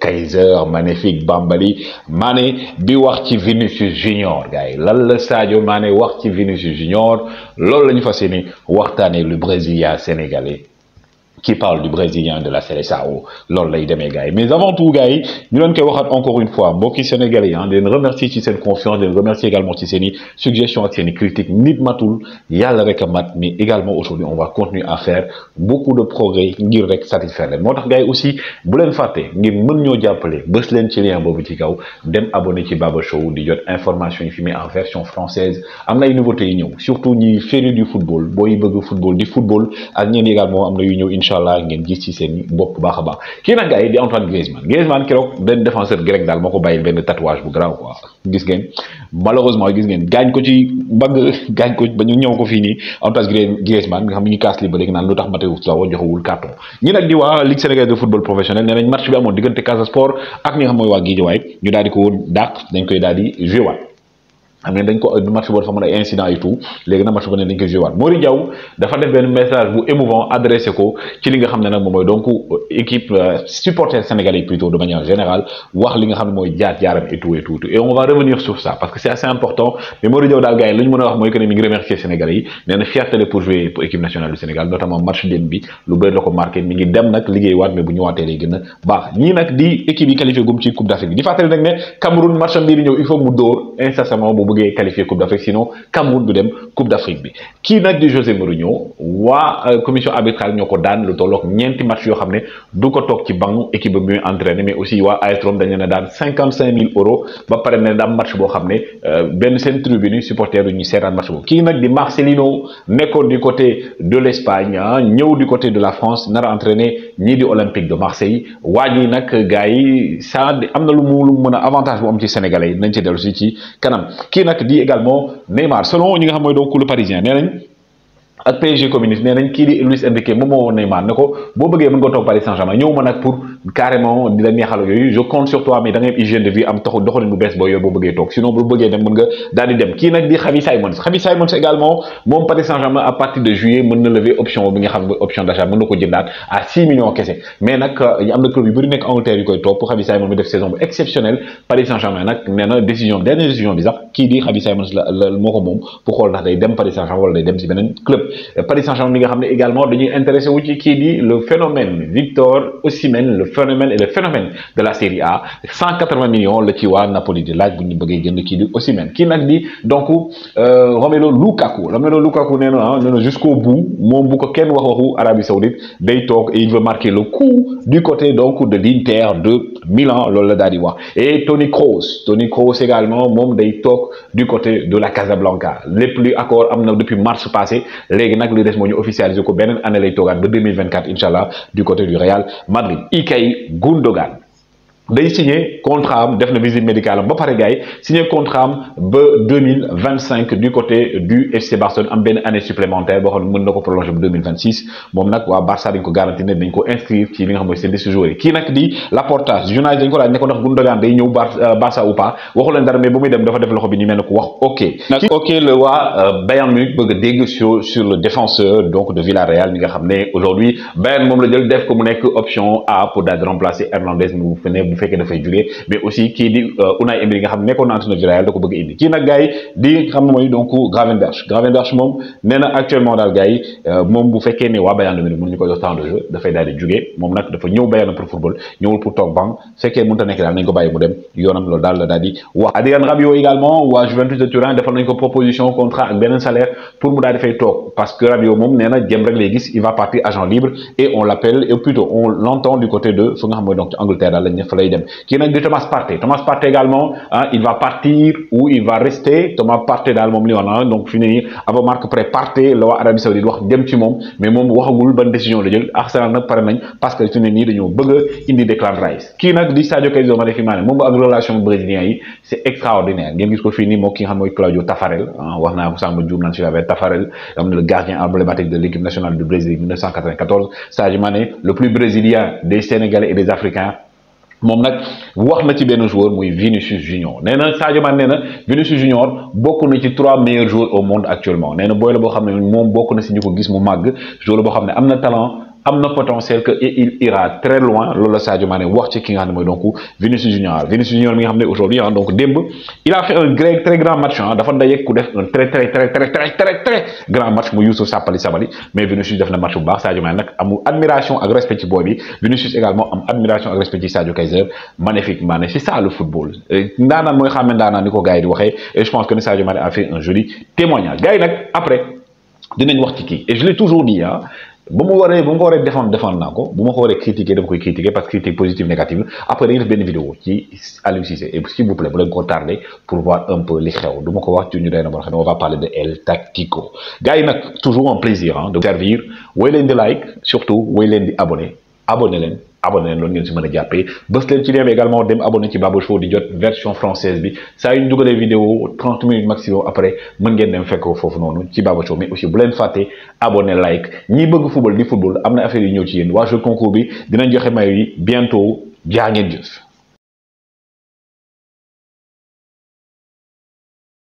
Kaiser magnifique Bambali Mané bi Vinicius Junior gars Lalle Sadio Mané Warti Vinicius Junior loolu Fassini, wartane, le Brésilien sénégalais qui parle du brésilien de la CSAO loolu lay mais avant tout gars yi ñu encore une fois mbokki sénégalais hein, ah remercier ci confiance leen remercier également ci seen suggestion ak seen critique nit matul rek mat mais également aujourd'hui on va continuer à faire beaucoup de progrès ngir rek satisfaire les motards aussi bu leen ni ngir mën ñoo jàppale bës leen ci lien ci dem abonné ci Baba Show di jot information yi en version française amna une ay nouveautés surtout ñi féru du football boy bëgg football du football ak également amna incha allah ngeen gis ci seen bopp baax a baax kii nag gars yi di Antoine Griezmann Griezmann keroog benn défenseur grec daal moo ko bàyyil benn tatouage bu garaaw quoi gis ngeen malheureusement gis ngeen gaañ ko ci bagg gaañ ko ba ñu ñëw ko fii nii Antoine nga xam ni ñu kaas li ba léegi naan lu tax Mathéus Souao joxewul carton ñi nag di waa Ligue sénégalaise de football professionnel nee nañ match bi amoon diggante Casa Sport ak ñi nga xam mooy waa xam ngeen dañ ko match boo dafa incident et tout léegi nag match boo ne dañ koy joué waat Mori Diaw dafa def message bu émouvant adressé ko ci li nga xam ne nag moom mooy donc euh, équipe euh, supporter sénégalais plutôt de manière générale wax li nga xam ne mooy jaar et tout et tout et on va revenir sur ça parce que c'est assez important mais Mori Diaw daal gars yi li ñu mën a wax mooy que ne mi ngi remercier sénégalais yi nee fierté de pour jouer pour équipe nationale du Sénégal notamment match dem bi lu la ko marqué mi ngi dem nag liggéey waat mais bu ñëwaatee lay gën a baax di équipe yi qualifié gum ci coupe d'Afrique Afrique di Cameroun match am bii il faut mu dóor incessamment bëggee qualifier coupe d'Afrique sinon Cameroun du dem coupe d'Afrique B. bi kii nag di José Mourinho wa euh, commission arbitrale ñoo ko daan lu tolloog ñeenti match yoo xam ne du ko toog ci banc équipe ba muy entraîné mais aussi waa AS Rome daan cinquante mille euros ba pare ne daan match boo xam ne euh, benn seen tribune supporter yu ñu seetaan match boobu kii nag di Marcelino nekkoon du côté de l'Espagne Espagne ah, ñëw du côté de la France nar a entraîné ñii di Olympique de Marseille waa ji nag gars yi ça am na lu mu mën a avantage bu am ci sénégalais yi nañ ci dellu si ci kanam nak di également Neymar selon ñi nga xam moy do le parisien nee nañ ak PSG communiste nee nañ kii di Luis Enrique moom moo woon Neymar nako bo boo bëggee mën nga toog Paris Saint-Germain ñëw nak pour carrément di la neexal yooyu je compte sur toi mais da ngay hygiène de vie am taxo doxalin bu bes bo yoy bo bëggee tok sinon bu bëggee dem mën nga dal di dem ki nak di Xavi Simons Xavi Simons également mon Paris Saint-Germain à partir de juillet mën na lever option bi nga xam option d'achat mën na ko à 6 millions kessé mais nak euh, am na club yu bëri en Angleterre yu koy top Xavi Simons bi def saison bu exceptionnelle Paris Saint-Germain nak nee décision dernière décision bi sax ki di Xavi Simons la la moo ko moom pour ndax day dem Paris Saint-Germain wala day dem ci benen club euh, Paris Saint-Germain bi nga xam également dañuy intéressé wu ci ki di le phénomène Victor Osimhen phénomène et le phénomène de la Série A 180 millions le Kiwan Napoli de laaj bu ñu gënd jënd qui Osimhen donc euh, Romelu Lukaku Romelu Lukaku n'est non ah, jusqu'au bout mom bu ko kenn wax Arabie Saoudite day tok et il veut marquer le coup du côté donc de l'Inter de Milan loolu la et Tony Kroos Toni Kroos également They day tok du côté de la Casablanca les plus accord amna depuis mars passé légui nak li des moñu officialiser ko benen année lay 2024 inshallah du côté du Real Madrid Gundogan. day signé contrat am def na visite médicale ba paré gay signer signé contrat am ba 2025 du côté du FC Barcelone am ben année supplémentaire boo xone mën nako prolonger ba 2026 mom nak wa Barça dañ ko garantir né dañ ko inscrire ci li nga xam mooy seen liste joueurs yi kii la di Laporta dañ ko laaj ne ko ndax day ñëw euh, Barça ou pas waxu len dara mais bu muy dem dafa def loxo bi ñu mel ko wax ok. nak ok le wa euh, Bayern Munich bëgg dégg sur sur le défenseur donc de Villarreal mi nga xam né aujourd'hui Bayern mom la jël def ko mu nek option A pour d'aller remplacer Hernandez mu feneen bu da fay jógee mais aussi ki di euh, Unai Emery nga xam nekkoon na entraîneur du Real da ko bëgg indi kii nak gaay di xam moy mooy donc Gravenberch Gravenberch moom nee na actuellement dal gaay euh, mom bu fekkee né wa Bayern de Munich mënuñu ko jox temps de jeu da fay dal di jógee moom nag dafa ñëw Bayern pour football ñëwul pour toog banc fekkee mënut ta nekk dal nañ ko bàyyi mu dem yonam lool dal la daal di wa Adrien Rabiot également wa Juventus de Turin defal nañ ko proposition contrat ak benen salaire pour mu daal di fay toog parce que Rabiot moom nee na jëm rek lay gis il va partir agent libre et on l'appelle et plutôt on l'entend du côté de fa nga xam mooy donc ci Angleterre daal lañ ne fa lay dem kii nag di Thomas parte Thomas parte également ah il va partir ou il va rester Thomas parte daal moom li wax na donc fi ne nii avant marque près Partey la waa Arabie Saoudite wax dem ci moom mais moom waxagul ban décision la jël Arsenal nag pare nañ parce que fi ne nii dañoo bëgg a indi Declan Rice kii nag di Sadio Kay Zomaré fi maa ne moom ak relation brésilien yi c'est extraordinaire ngeen gis ko fii nii moo ki nga xam mooy Claudio Tafarel hein, wax naa ko sàmm juum nan si la le gardien emblématique de l'équipe nationale du Brésil 1994. Sadio Mané, le plus brésilien des Sénégalais et des Africains, moom nak, wax na ci ben joueur moy Vinicius Junior Néna Sadio Mané Vinicius Junior beaucoup na ci trois meilleurs joueurs au monde actuellement Néna boy la bo xamné mom moom bokk na mag ñu gis mu talent am potentiel que il ira très loin lolo Sadio Mané wax ci ki nga xam donc Vinicius Junior Vinicius Junior mi nga xamné aujourd'hui ah donc demb. il a fait un gré très grand match ah dafa ndayeeg ku def un très très très très très très très grand match mu Youssouf Sapaly Sabali mais Vinicius def na match bu baax Sadio Mané nak amul admiration ak respect ci booy bi Vinicius également am admiration ak respect ci Sadio Kaiser magnifique Mané c'est ça le football ndana moy xàmme ndana niko gaay di waxee et je pense que Sadio Mané a fait un joli témoignage gaay nak après dinañ wax ci ki et je l'ai toujours dit hein bon vous waree vous défendre défendre critiquer vous koy critiquer parce que critique positive négative après il y a une vidéo qui est Cissé et s'il vous plaît vous voulez ko pour voir un peu les choses. donc vous wax ci ñu on va parler de El Tactico gars toujours un plaisir hein, de servir woy de like surtout woy de di abonné vous abonné leen loolu ngeen si mën a jàppee ci lien également dem abonné ci Baba Show di jot version française bi saa yu ñu dugalee vidéo 30 minutes maximum après mën ngeen dem fekk ko foofu ci Baba Show mais aussi bu leen faté abonné like ñi bëgg football di football amna affaire yi ñëw ci yeen. Wa jeu concours bi dinañ joxe may yi bientôt jaa ngeen